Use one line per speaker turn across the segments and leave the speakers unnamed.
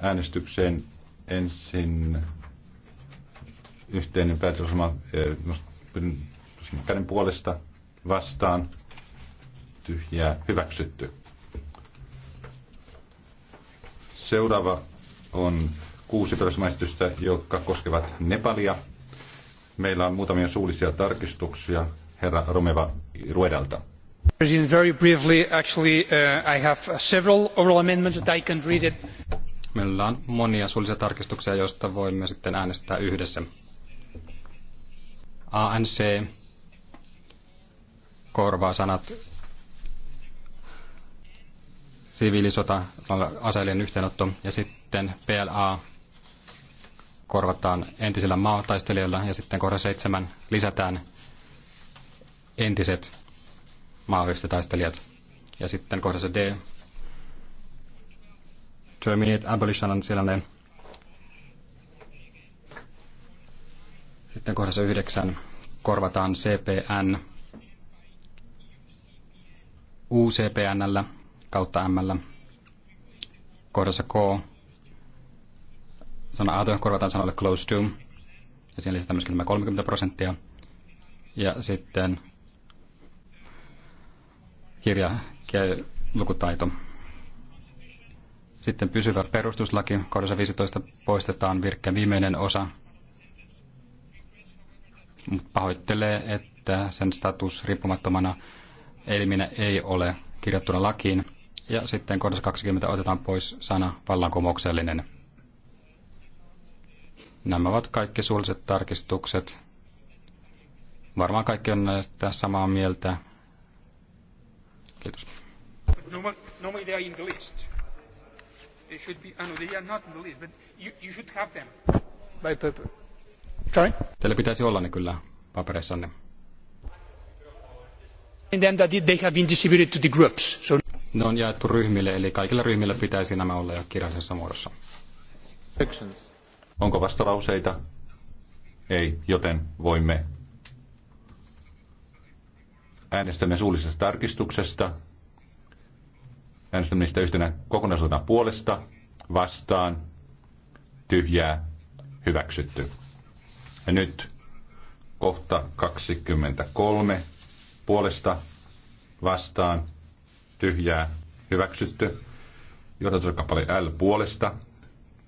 äänestykseen ensin yhteinen päätösosama käden äh, puolesta vastaan tyhjää hyväksytty. Seuraava on kuusi perusmaistusta, jotka koskevat Nepalia. Meillä on muutamia suullisia tarkistuksia herra Romeva Ruedalta.
President, very briefly, actually, uh, I have several oral amendments that I can read it. Meillä on monia suullisia tarkistuksia, joista voimme sitten äänestää yhdessä. ANC korvaa sanat siviilisota, aseellinen yhteenotto ja sitten PLA korvataan entisillä maataistelijoilla ja sitten kohdassa seitsemän lisätään entiset maallistetaistelijat. Ja sitten kohdassa D Terminate Abolition on sellainen sitten kohdassa yhdeksän korvataan CPN UCPNllä kautta Mllä. Kohdassa K sana auto korvataan sanalle close to ja siihen lisätään myöskin tämä 30 prosenttia. Ja sitten kirja, lukutaito. Sitten pysyvä perustuslaki, kohdassa 15 poistetaan virkkä viimeinen osa. Pahoittelee, että sen status riippumattomana elimenä ei ole kirjattuna lakiin. Ja sitten kohdassa 20 otetaan pois sana vallankumouksellinen. Nämä ovat kaikki suulliset tarkistukset. Varmaan kaikki on näistä samaa mieltä.
Kiitos. No, no, they should be, oh no, they are not in the list, but you, you should have them. By paper. Sorry?
Teillä pitäisi olla ne kyllä papereissanne. And then that they have been distributed to the groups. So... Ne on jaettu ryhmille, eli kaikilla ryhmillä pitäisi nämä olla jo kirjallisessa
muodossa. Sections. Onko vastalauseita? Ei, joten voimme äänestämme suullisesta tarkistuksesta äänestämistä yhtenä kokonaisuutena puolesta, vastaan, tyhjää, hyväksytty. Ja nyt kohta 23 puolesta, vastaan, tyhjää, hyväksytty. Johdatuskappale L puolesta,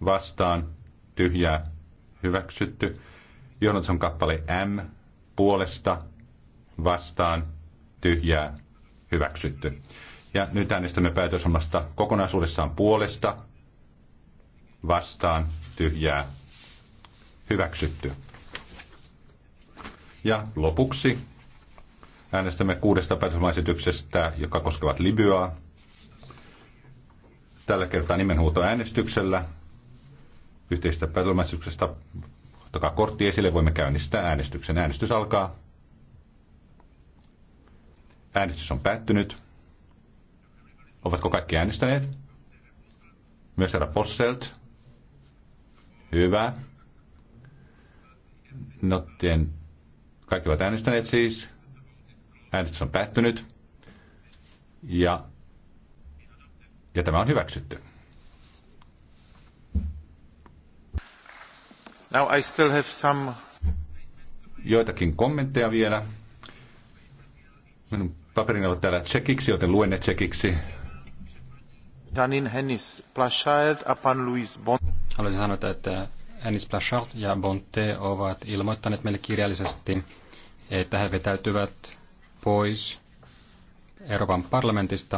vastaan, tyhjää, hyväksytty. Johdatuskappale kappale M puolesta, vastaan, tyhjää, hyväksytty. Ja nyt äänestämme päätösomasta kokonaisuudessaan puolesta, vastaan, tyhjää, hyväksytty. Ja lopuksi äänestämme kuudesta päätösmaisityksestä, joka koskevat Libyaa. Tällä kertaa nimenhuuto äänestyksellä. yhteistä päätösmaisityksestä ottakaa kortti esille, voimme käynnistää äänestyksen. Äänestys alkaa. Äänestys on päättynyt. Ovatko kaikki äänestäneet? Myös herra Posselt. Hyvä. Nottien. Kaikki ovat äänestäneet siis. Äänestys on päättynyt. Ja, ja tämä on hyväksytty. Now I still have some... Joitakin kommentteja vielä. Minun paperini ovat täällä tsekiksi, joten luen ne tsekiksi. Danin Hennis Plashard,
Apan Luis Bont. Haluaisin sanoa, että Hennis Plashard ja Bonte ovat ilmoittaneet
meille kirjallisesti, että he vetäytyvät pois Euroopan parlamentista